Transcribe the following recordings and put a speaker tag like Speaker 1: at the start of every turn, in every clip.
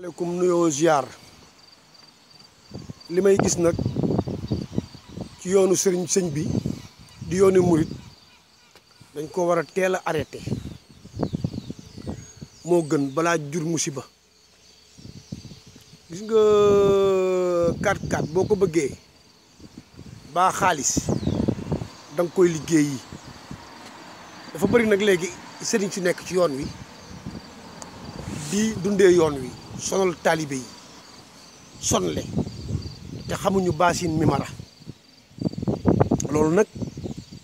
Speaker 1: aleykum nuyoo ziar li may gis nag ci yoonu sëriñ sëñ bi di yoonu murit dañ ko war a teel a arrêté moo gën balaa jur musiba gis nga 4-4 boo ko bëggee baa xaalis da koy liggéey dafa bëri nag léegi sëriñ si nekk ci yoon wi di dundee yoon wi sonal taalibe yi sonle te xamuñu baasin mi mara loolu nag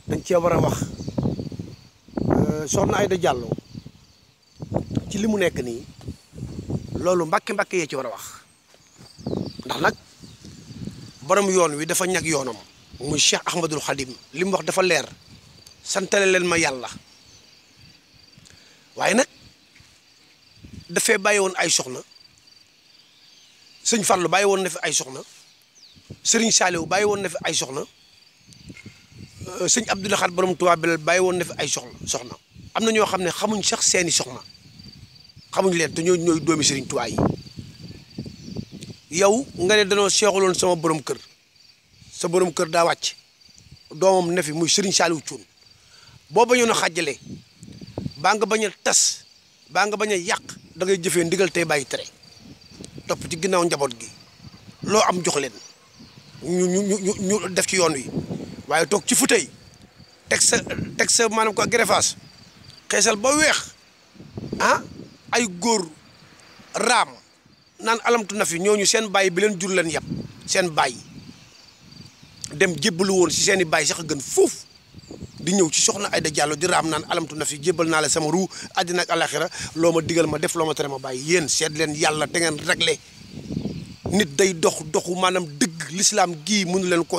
Speaker 1: dañ cee war a wax euh, soxna Aida Diallo ci li mu nekk nii loolu mbàkke mbàkke yee ci war a wax ndax nag borom yoon wi dafa ñag yoonam muy Cheikh Ahmadul Xadim li mu wax dafa leer santale leen ma yàlla waaye nag dafa bàyyi woon ay soxna sëñ Fallou bàyyi woon na fi ay soxna sëriñ Saliou bàyyi woon na fi ay soxna euh, sëñ Abdou Lahad borom Touba Belel bàyyi woon na fi ay soxna soxna am na ñoo xam ne xamuñ sax seeni soxna xamuñ leen te ñoo ñooy doomi sëriñ Touba yi yow nga ne danoo seexaloon sama borom kër sa borom kër daa wàcc doomam ne fi muy sëriñ Saliou Thioune boo bañoon a xàjjale baa nga bañ tas baa nga bañ yàq da ngay jëfee ndigal tey bàyyi tere topp ci ginnaaw njaboot gi loo am jox leen ñu ñu ñu def ci yoon wi waaye toog ci futey teg sa teg sa maanaam ko greffage xeesal ba weex ah ay góor raam naan alamtu na fi ñoo ñu seen bàyyi bi leen jur leen yàpp seen bàyyi dem jébbalu woon si seen bàyyi sax a gën foofu di ñëw ci soxna Aida Diallo di raam naan alamtu na fi jébbal naa la sama ruu àddina ak alaxira loo ma digal ma def loo ma bàyyi yéen seet leen yàlla te ngeen réglé nit day dox doxu maanaam dëgg lislaam gii mënu leen ko